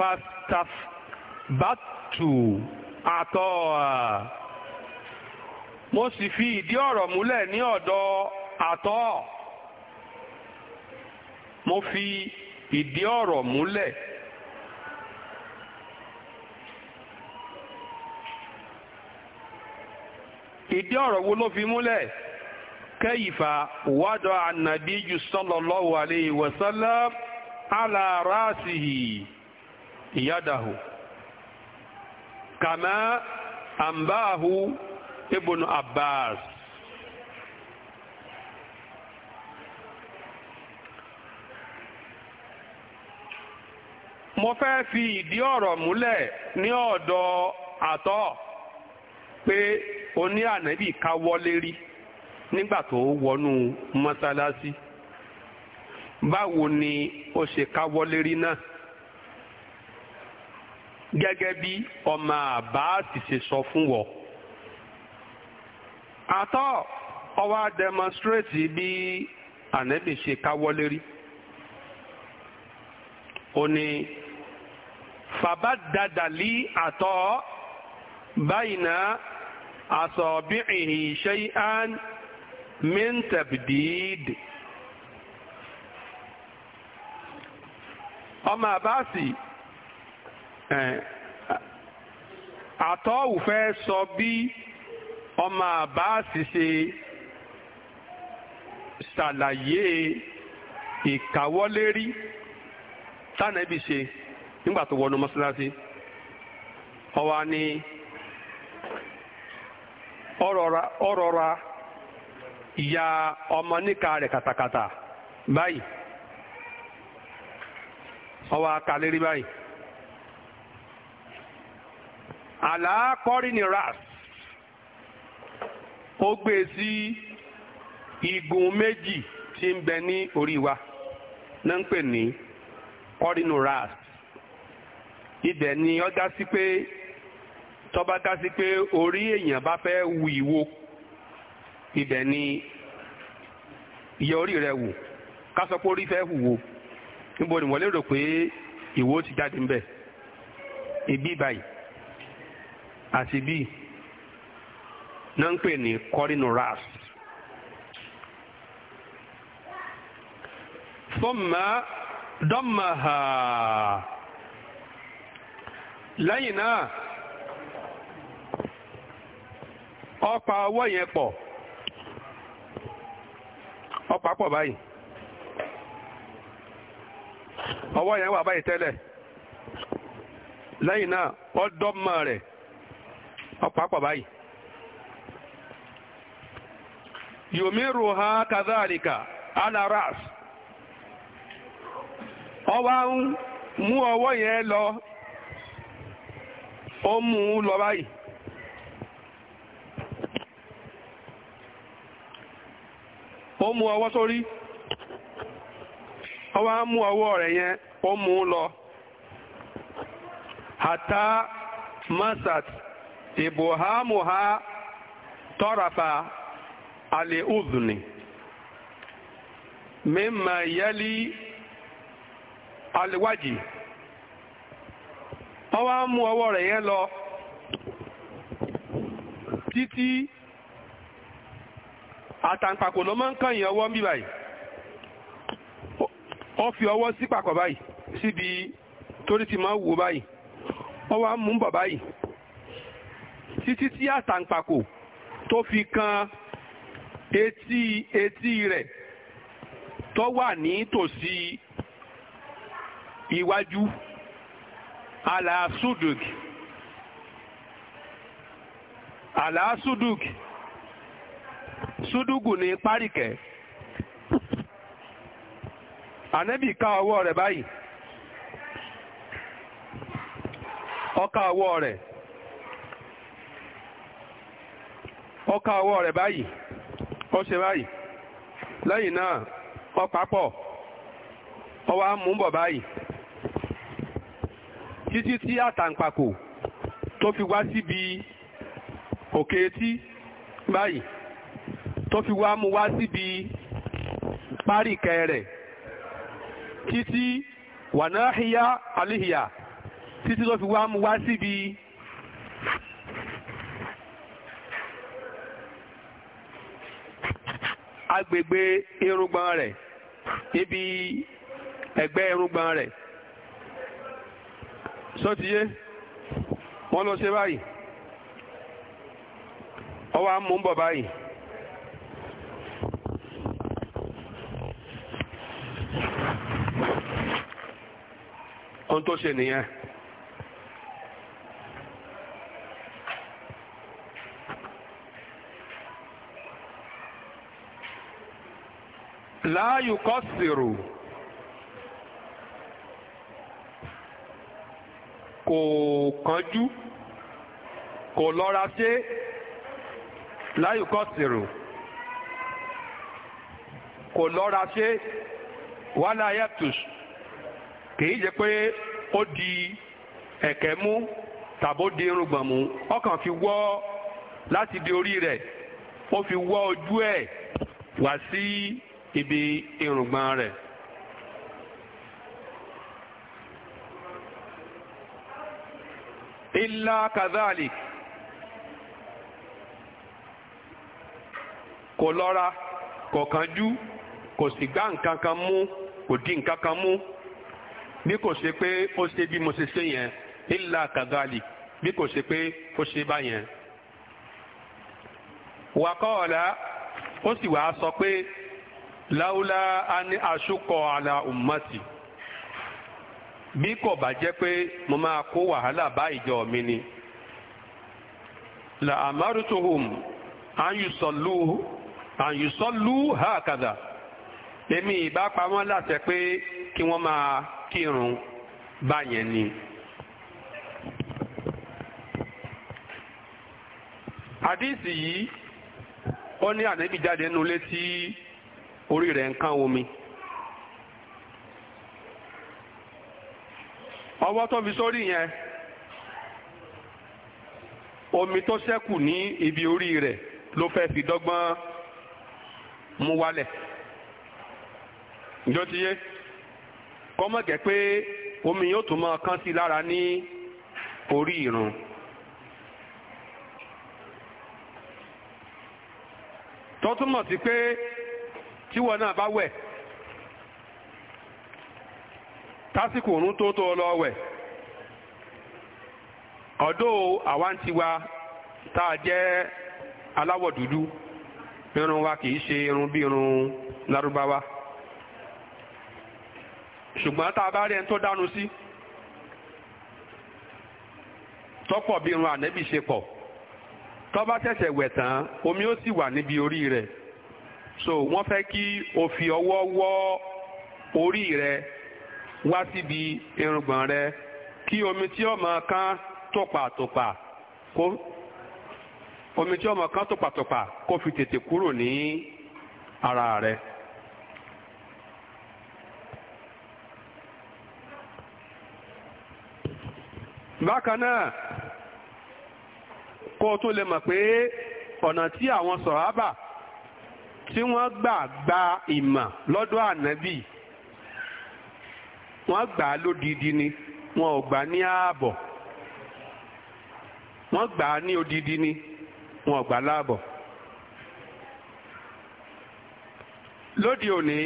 fastafbatu àtọ́ mo sì fi ìdí ọ̀rọ̀ múlẹ̀ ní ọ̀dọ̀ àtọ́ mo fi ìdí ọ̀rọ̀ múlẹ̀ ìdí ọ̀rọ̀ wo ló fi múlẹ̀ kẹ́yìfà wádọ̀ ànàbíyù sallallahu alayhi wa sallam ala rasihi. yadahu kama ambahu ibnu abbas mo fẹ́ fi ìdí ọ̀rọ̀ múlẹ̀ ní ọ̀dọ̀ àtọ́ pé oní ànábì ká wọlé rí nígbà tó wọnú mọ́sálásí báwo ni ó ṣe ká wọlé rí náà gẹ́gẹ́ bí ọmọ àbáàtì ṣe sọ fún wọ. àtọ́ ọwọ́ demonstrate bí ànẹ́bì ṣe káwọ́ lérí. ó ní fàbá dadàlí àtọ́ báyìí náà àsọ̀bìnrin ṣe án mintabdid ọmọ àbáàsì Eh, àtọ́wù fẹ́ sọ bí ọmọ àbáàsì ṣe ṣàlàyé ìkáwọ́lérí tánàbí ṣe nígbà tó wọnú mọ́ṣáláṣí ọwa ni ọ̀rọ̀ra ìyá ọmọ níka rẹ̀ katakata báyìí ọwa kalérí báyìí. àlàákọ́rí ni ras ó gbé sí igun méjì tí ń bẹ ní orí wa na ń pè ní kọ́rínù ras ibẹ̀ ni ó dá sí pé tọba bá dá sí pé orí èèyàn bá fẹ́ wu ìwo ibẹ̀ ni ìyẹ orí rẹ̀ wù ká sọ pé orí fẹ́ wo níbo ni wọ́n lérò pé ìwo ti jáde ń bẹ̀ ibi báyìí. àti b náà ń pè ní kọ́rínù ras. fọ́ọ̀mà dọ́màhà lẹ́yìn náà ọ̀pá ọwọ́ yẹn pọ̀ ọ̀pá pọ̀ báyìí ọwọ́ yẹn wà báyìí tẹ́lẹ̀ lẹ́yìn náà ọdọ́mọ rẹ̀ ọ̀pápọ̀ báyìí yòmírù ha kàzáàríkà alaras ọwá ń mú ọwọ́ yẹn lọ ó mú un lọ báyìí ó mú ọwọ́ sórí ọwá ń mú ọwọ́ rẹ̀ yẹn ó mú un lọ hata masat ibhamuha tarafa al-udhni mimma yali al-wajhi wọ́n wá mú ọwọ́ rẹ̀ yẹn lọ títí àtàǹpàkò ló máa ń kàn yín ọwọ́ ń bí báyìí ó fi ọwọ́ sí pàkọ̀ báyìí síbi torí ti máa wò báyìí wọ́n mú bọ̀ báyìí títí tí àtàǹpàkò tó fi kan etí etí rẹ̀ tó wà ní tòsí iwájú alaasuduk alaasuduk sudugu ní parikẹ́ ànábì ká ọwọ́ rẹ̀ báyìí ó ọwọ́ rẹ̀. ọka ọwọ́ rẹ̀ báyìí ó ṣe báyìí lẹ́yìn náà ọpapọ̀ papọ̀ ó báyìí títí tí àtàǹpàkò tó fi wá síbi òkè etí báyìí tó fi wá mú wá síbi páríkẹ́ rẹ̀ títí wànáhíyá àlíhìyà títí tó fi wá mú wá síbi. Si agbègbè irùngbọ̀n rẹ̀ ibi ẹ̀gbẹ́ irùngbọ̀n rẹ̀ sọ́tiyé wọ́n lọ ṣe báyìí ọwọ́ amú ń bọ̀ báyìí. ohun tó ṣe nìyẹn. láàyò kọ́ sèrò kò kánjú kò lọ́ra ṣe láyò kọ́ sèrò kò lọ́ra ṣe wàhálà yàtùs kìí jẹ́ pé ó di ẹ̀kẹ́ mú tàbó di irùngbọ̀n mú ọkàn fi wọ́ láti di orí rẹ̀ ó fi wọ́ ojú ẹ̀ wá sí. Si ibi irùngbọ̀n rẹ̀. illa kadhalik kò lọ́ra kò kánjú kò sì gbá nǹkan kan mú kò di nǹkan kan mú bí kò ṣe pé ó ṣe bí mo ṣe ṣe yẹn illa kadhalik bí kò ṣe pé ó ṣe báyẹn. wàkọ́ọ̀lá ó sì wàá sọ pé. láwùlá ani asukọ ala ummati bí kò bá jẹ́ pé mo máa kó wàhálà bá ìjọ mi ni la amarutuhum anyusọlu ha hakada èmi ìbá pa wọ́n láṣẹ pé kí wọ́n máa kírun báyẹn ni. àdìsí yìí ó ní ànábì jáde nulẹ̀ tí. orí rẹ̀ ń kán omi. ọwọ́ tó fi sórí yẹn omi tó sẹ́kù ní ibi orí rẹ̀ ló fẹ́ fi dọ́gbọ́n mú wálẹ̀ ǹjọ́ ti yé kọ́mọ̀gẹ́ pé omi yóò tún máa kán sí lára ní orí ìrun. tó túmọ̀ sí pé tí náà bá wẹ̀ tásìkò òun tó tó lọ wẹ̀ ọ̀dọ́ àwa tiwa tá a jẹ́ aláwọ̀ dúdú irun wa í ṣe irun bí irun lárúbáwá ṣùgbọ́n tá a bá rí ẹni tó dánu sí tọ́pọ̀ bí irun ànẹ́bí ṣe pọ̀ bá wẹ̀ tán omi ó sì wà níbi orí so wọ́n fẹ́ kí o fi ọwọ́ wọ́ orí rẹ wá síbi irùngbọ̀n rẹ kí omi tí ó máa kán tòpàtòpà kó omi tí ó máa kán kó fi tètè kúrò ní ara rẹ. bákan náà kó o tún lè mọ̀ pé ọ̀nà tí àwọn sọ̀rọ̀ á bà tí wọ́n gbà gba ìmọ̀ lọ́dọ̀ ànábì wọ́n gbà á lódidi ni wọ́n ò gbà ní ààbọ̀ wọ́n gbà á ní odidi ni wọ́n ò gbà láàbọ̀. lóde òní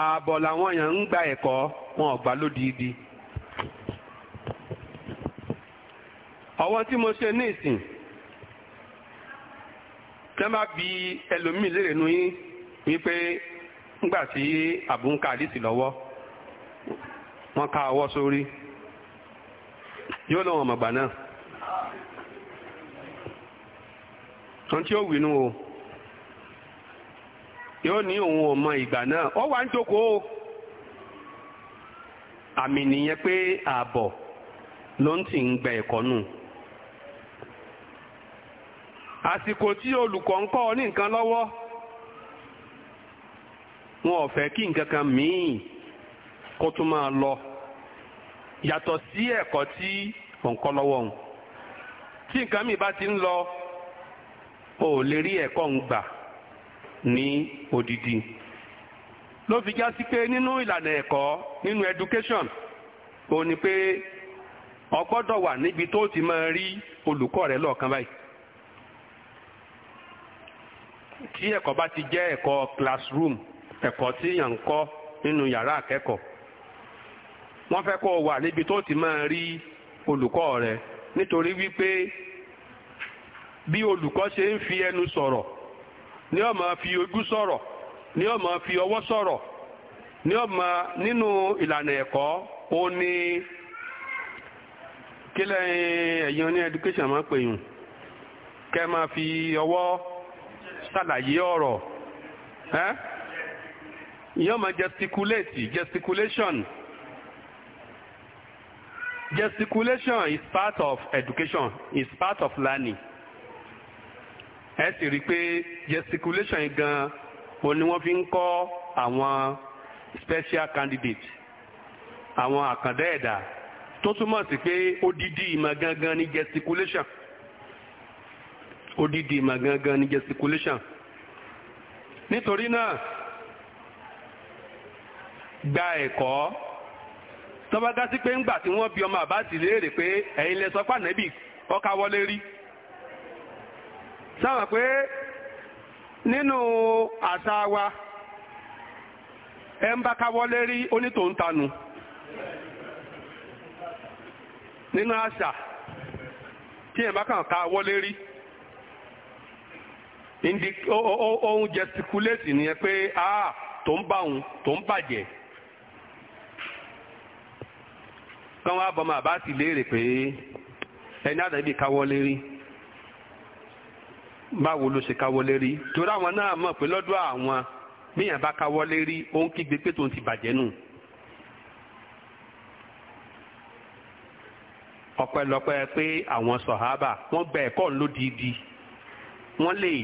ààbọ̀ làwọn èèyàn ń gba ẹ̀kọ́ wọn ò gbà lódidi. Ọwọ́ tí mo ṣe ní ìsìn. tí wọ́n bá bi ẹlòmíì léèrè nu yín wípé ńgbà tí àbúǹkà àdìsí lọ́wọ́ wọ́n ká ọwọ́ sórí yóò lọ́wọ́ ọmọgbà náà ohun tí ó wí nú o yóò ní òun ọmọ ìgbà náà ó wà ń jókòó àmì nìyẹn pé ààbọ̀ ló ń tì ń gba ẹ̀kọ́ nù. àsìkò tí olùkọ́ ń ní nǹkan lọ́wọ́ wọn ò fẹ́ kí nǹkan kan míì kó tún máa lọ yàtọ̀ sí ẹ̀kọ́ tí ò ń lọ́wọ́ òun tí nǹkan míì bá ti ń lọ o ò lè rí ẹ̀kọ́ ń gbà ní odidi ló fi já sí pé nínú ìlànà ẹ̀kọ́ nínú education ó ní pé o wà níbi tó ti máa rí olùkọ́ rẹ lọ́ọ̀kan báyìí tí ẹ̀kọ́ bá ti jẹ́ ẹ̀kọ́ classroom ẹ̀kọ́ tí ya ń kọ́ nínú yàrá wọ́n fẹ́ wà níbi tó ti máa rí olùkọ́ rẹ nítorí wípé bí olùkọ́ ṣe ń fi ẹnu sọ̀rọ̀ ni fi ojú sọ̀rọ̀ ni fi ọwọ́ sọ̀rọ̀ nínú ìlànà ẹ̀kọ́ ó ní kílẹ̀ ní education máa pè yùn fi ọwọ́ ṣàlàyé ọ̀rọ̀ ìyẹn máa gesticulate gesticulation gesticulation is part of education is part of learning ẹ sì rí i pé gesticulation gan òun ni wọ́n fi ń kọ́ àwọn special candidate àwọn àkàndá ẹ̀dá tó túmọ̀ sí pé odidi ìmọ̀ gangan ni gesticulation. odidi magangan ni gesticulation nítorí náà gba ẹ̀kọ́ tọ́ba dá sí pé ńgbà tí wọ́n bí ọmọ àbáàtì léèrè pé ẹ̀yin lẹ sọ pé ànábì ọkà wọlé rí sáwọn pé nínú àṣà wa ẹ ń bá ká wọlé rí nínú àṣà tí ẹ̀ bá kàn ká wọlé rí. ohun gesticulate nìyẹn pé ah tó ń bá òun tó ń bàjẹ́ kán wá bọ́mọ àbá sì léèrè pé ẹni àdàbí káwọ́ lérí báwo ló ṣe káwọ́ lérí torí àwọn náà mọ̀ pé lọ́dọ̀ àwọn míyàn bá káwọ́ lérí ó ń kígbe pé tòun ti bàjẹ́ nù. ọpẹ́lọpẹ́ pé àwọn sọhábà wọ́n gba ẹ̀kọ́ lódìdí wọ́n lè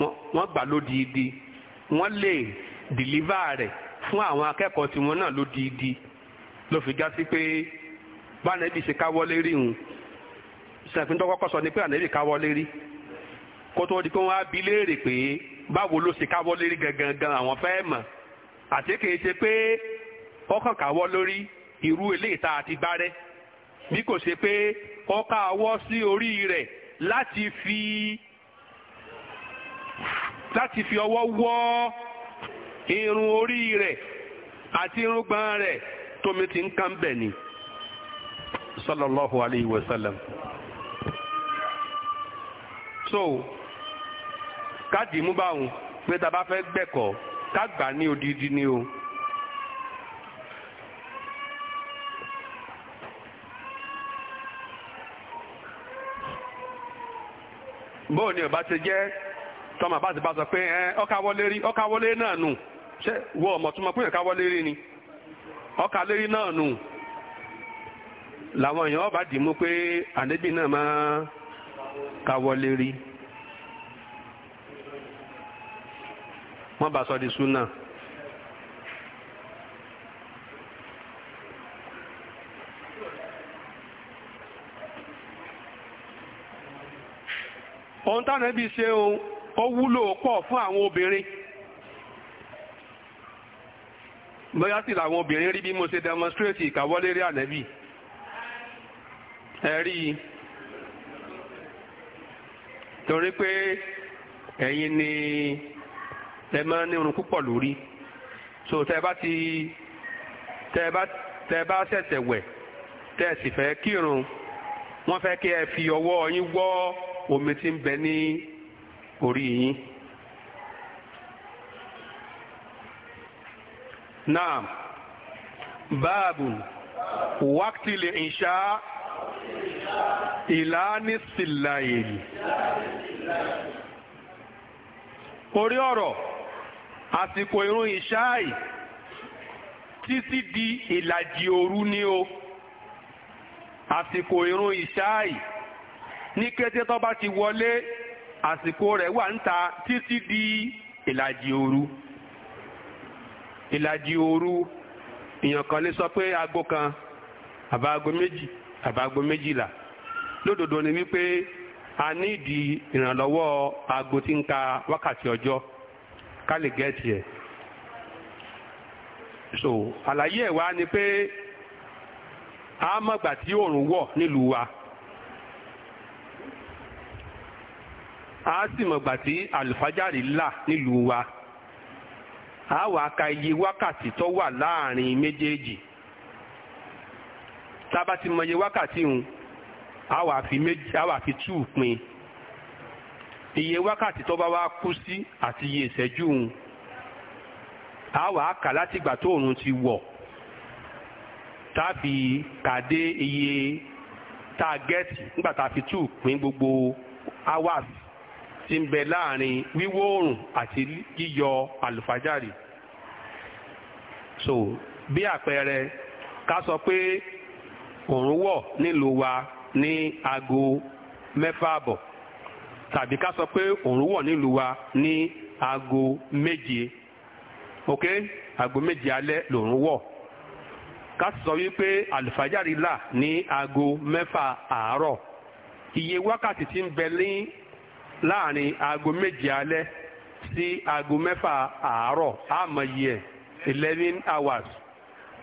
wọ́n gbà lódìdí wọ́n lè dìlíva rẹ̀ fún àwọn akẹ́kọ̀ọ́ tiwọn náà lódìdí ló fi já sí pé bánẹ́bí ṣe káwọ́lé rí hùn ṣẹ̀fín tó kọ́kọ́ sọ ni pé ànẹ́bí káwọ́lé rí kó tó di pé wọ́n á bi léèrè pé báwo ló ṣe káwọ́lé rí gangan àwọn fẹ́ mọ̀ àti kìí ṣe pé kọ́kàn káwọ́ lórí irú eléyìí tá a ti bá rẹ́ bí kò ṣe pé kọ́kàn awọ́ sí orí rẹ̀ láti fi láti fi ọwọ́ wọ́ irun orí rẹ̀ àti irùngbọ̀n rẹ̀ tómi ti ń kán bẹ̀ ni sallallahu alayhi wa sallam. so káàdì mú báwọn pé tá a bá fẹ́ gbẹ̀kọ́ ká gbà ní odidi ni o. bóò ọba ti jẹ́ tọ́mọ àbáṣe bá sọ pé ẹ ọkàwọlé rí ọkàwọlé náà nù ṣe wọ ọmọ tó mọ pé ọkàwọlé rí ni ọkàlé rí náà nù làwọn ọba pé náà máa kàwọlé rí bá sọ di súnà. ohun táwọn ẹbí ṣe ó wúlò pọ̀ fún àwọn obìnrin bóyá sì làwọn obìnrin rí bí mo ṣe demonstrate ìkàwọ́lé rí ànẹ́bì ẹ rí i torí pé ẹ̀yin ni ẹ máa ní irun púpọ̀ lórí so tẹ bá ti tẹ bá tẹ bá ṣẹ̀ṣẹ̀ wẹ̀ tẹ sì fẹ́ kírun wọ́n fẹ́ kí ẹ fi ọwọ́ yín wọ́ omi tí ń bẹ ní orí yín. naam báàbù wákìtìlì ìṣá ìlànà sílàyèlì orí ọ̀rọ̀ àsìkò irun ìṣáì títí di ìlàjì òru ni o àsìkò irun ìṣáì ní kété tó bá ti wọlé àsìkò rẹ̀ wà ń ta títí di ìlàjì ooru. ìlàjì ooru èèyàn kan lè sọ pé aago kan àbá aago méjì àbá aago méjìlá lódodo ni wípé a ní ìdí ìrànlọ́wọ́ aago tí ń ka wákàtí ọjọ́ ká lè gẹ́ẹ̀tì ẹ̀ so àlàyé ẹ̀ wá ni pé a mọ̀gbà tí òòrùn wọ̀ nílùú wa. a sì mọ̀gbà tí àlùfájàrí là nílùú wa a wàá ka iye wákàtí tó wà láàrin méjèèjì tá a bá ti mọ iye wákàtí ń a wàá fi méjì a wàá fi tú pin iye wákàtí tó bá wá kú sí àti iye ìṣẹ́jú ń a wàá kà láti ìgbà tó òòrùn ti wọ̀ tá a fi kà dé iye tá nígbà tá a fi tú pin gbogbo hours tí ń bẹ láàrin wíwọ̀ oòrùn àti yíyọ àlùfájàrì so bí àpẹẹrẹ ká sọ pé oòrùn wọ̀ nílùú wa ní aago mẹ́fà àbọ̀ tàbí ká sọ pé oòrùn wọ̀ nílùú wa ní aago méje ok aago méje alẹ́ lòòrùn wọ̀ ká sọ wípé àlùfájàrí là ní aago mẹ́fà àárọ̀ iye wákàtí tí ń bẹ ní láàrin aago méje alẹ́ sí aago mẹ́fà àárọ̀ àmọ̀yẹ eleven hours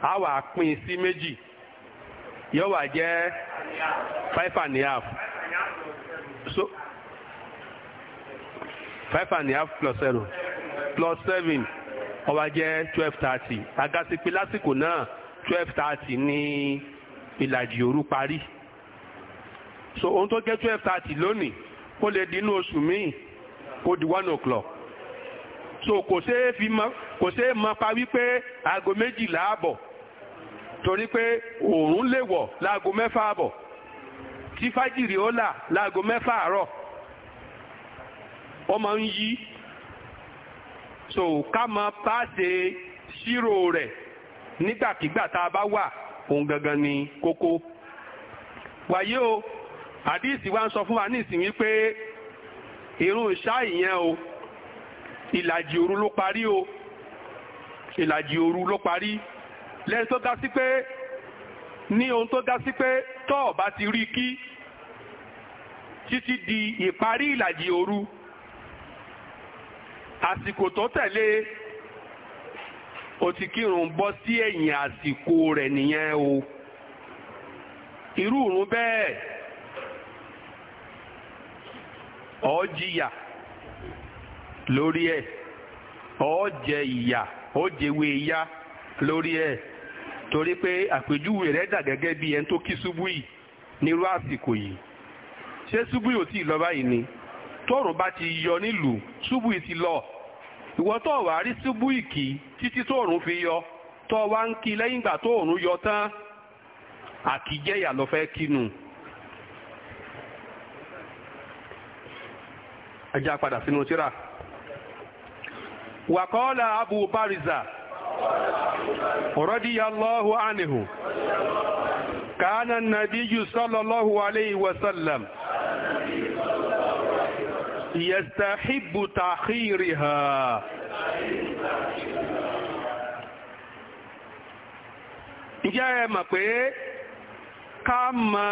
a wà pín sí méjì yóò wà jẹ́ five and a half so five and a half plus zero, plus seven ó jẹ́ twelve thirty agasi pé lásìkò náà twelve thirty ní ìlàjì òru parí so ohun tó jẹ́ twelve thirty lónìí. ó lè dínú oṣù míì kó di one o'clock so kò ṣeé fi mọ pa wípé aago méjìlá àbọ̀ torí pé òòrùn lè wọ̀ láago mẹ́fà àbọ̀ tí fájìrì ó là láago mẹ́fà àárọ̀ ó máa ń yí so ká mọ bá ṣe ṣírò rẹ̀ nígbàkigbà tá a bá wà òun gangan ni kókó wàyí o. àdíìsì wa ń sọ fún wa ní ìsìn wípé irun ìṣá ìyẹn o ìlàjì òru ló parí o ìlàjì òru ló parí lẹ́yìn tó ga sí pé ní ohun tó ga pé tọ́ ọ̀bá ti rí kí títí di ìparí ìlàjì òru àsìkò tó tẹ̀lé o bọ́ sí ẹ̀yìn àsìkò rẹ̀ nìyẹn o irú ìrun bẹ́ẹ̀. ó jìyà lórí ẹ̀ ó jẹ ìyà ó jẹwé ìyà lórí ẹ̀ torí pé àpèjúwe rẹ̀ dà gẹ́gẹ́ bí ẹni tó kí ṣubú yìí nírú àsìkò yìí ṣé ṣubú yìí ò tí ì lọ báyìí ni tóòrùn bá ti yọ nílùú ṣubú yìí ti lọ ìwọ tó wàá rí ṣubú yìí kí títí tóòrùn fi yọ tó wá ń kí lẹ́yìn ìgbà tóòrùn yọ tán àkìjẹyà lọ fẹ́ kínú. ẹjá padà sínú tíra wàkọ́ọ́lá abu bariza rọ́díyàlọ́hu ánìhù kánà nàbíyù sọ́lọ́lọ́hu aléyìí wasallam yẹ̀stàhìbù tàhírì ha ǹjẹ́ ẹ mọ̀ pé ká mọ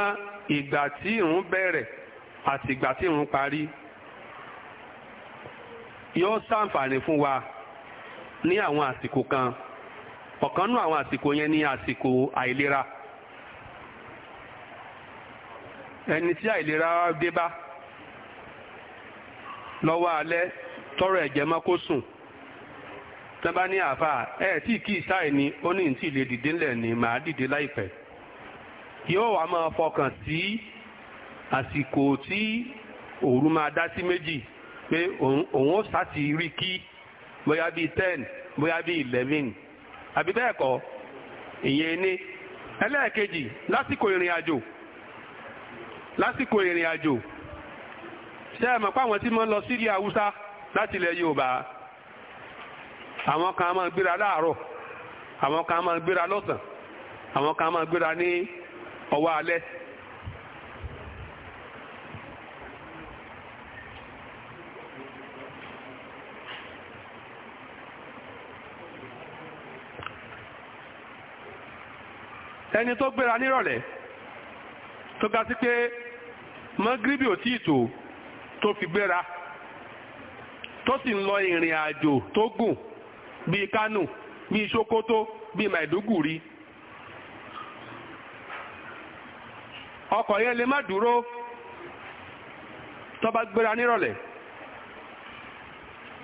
ìgbà tí ìrun bẹ̀rẹ̀ àti ìgbà tí ìrun parí yóò ṣàǹfààní fún wa ní àwọn àsìkò kan ọ̀kan nú àwọn àsìkò yẹn ní àsìkò àìlera ẹni tí àìlera dé bá lọ́wọ́ alẹ́ tọrọ ẹ̀jẹ̀ mọ́ kó sùn tí wọ́n bá ní àáfà ẹ̀ tí kì í sáì ni ó ní ní tí ìlè dìde ńlẹ̀ ni màá dìde láìpẹ́ yóò wá máa fọkàn sí àsìkò tí òru máa dá sí méjì pé òun ó sáti rí kí bóyá bíi ten bóyá bíi eleven àbí bẹ́ẹ̀ kọ́ ìyẹn ní ẹlẹ́ẹ̀kejì lásìkò ìrìn àjò lásìkò ìrìn àjò ṣé ẹ mọ̀ pé àwọn tí mo ń lọ sílé haúsá láti ilẹ̀ yorùbá àwọn kan máa gbéra láàárọ̀ àwọn kan máa gbéra lọ́sàn àwọn kan máa gbéra ní ọwọ́ alẹ́ ẹni tó gbéra nírọ̀lẹ́ tó ga sí pé mọ́gíríbì ò tíì tó tó fi gbéra tó sì ń lọ ìrìn àjò tó gùn bíi Kánò bíi Sokoto bi Maiduguri ọkọ̀ yẹn lè má dúró tó bá gbéra nírọ̀lẹ́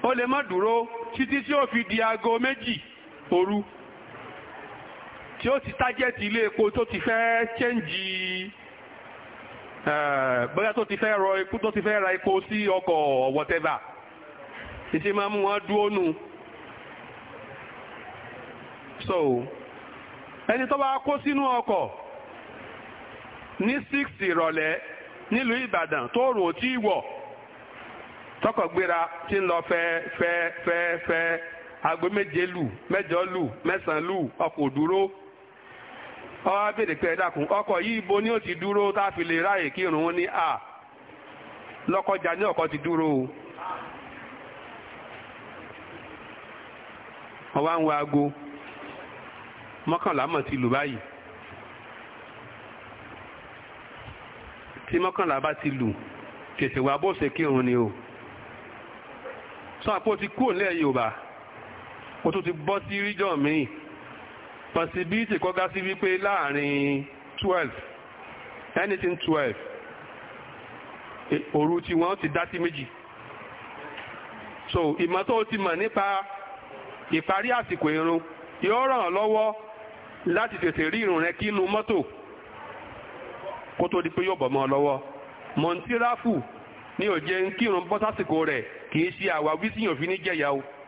ó lè má dúró títí tí ó fi di aago méjì oru tí ó ti tájẹ́tì ilé epo tó ti fẹ́ chẹ́ǹjì eh, bóyá tó ti fẹ́ rọ epo tó ti fẹ́ ra epo sí ọkọ̀ whatever ìṣe máa mú wọn dúró nù. so ẹni tó bá kó sínú ọkọ̀ ní six ìrọ̀lẹ́ nílùú Ìbàdàn tó rò tí wọ̀ tọkọ̀ gbéra tí ń lọ fẹ́ fẹ́ fẹ́ fẹ́ aago méje lù mẹ́jọ lù mẹ́sàn-án lù ọkọ̀ òdúró ọwọ́ abèrè pé ẹ̀dàkùn ọkọ̀ yìí ibo ni ó ti dúró tá a fi lè ráàyè kírun wọn ní à lọ́kọjà ní ọkọ̀ ti dúró o. wọ́n wá ń wo aago mọ́kànlá mọ̀ ti lù báyìí tí mọ́kànlá bá ti lù tètè wá bó ṣe kírun ni o sọ àpò ti kúrò nílẹ̀ Yorùbá o tún ti bọ́ sí ríjọ́ míì possibility kọ́gá sí wípé láàrin twelve anything twelve òru tí wọ́n ti dá sí méjì so ìmọ̀ tó ti mọ̀ nípa ìparí àsìkò irun yóò ràn án lọ́wọ́ láti tètè rí irun rẹ kí inú mọ́tò kó tó di pé yóò bọ̀ mọ́ ọ lọ́wọ́ mọ̀ntíràfù ní òjé ń kírun bọ́ rẹ̀ kì í ṣe àwáwí síyàn fi ní jẹ̀yà o.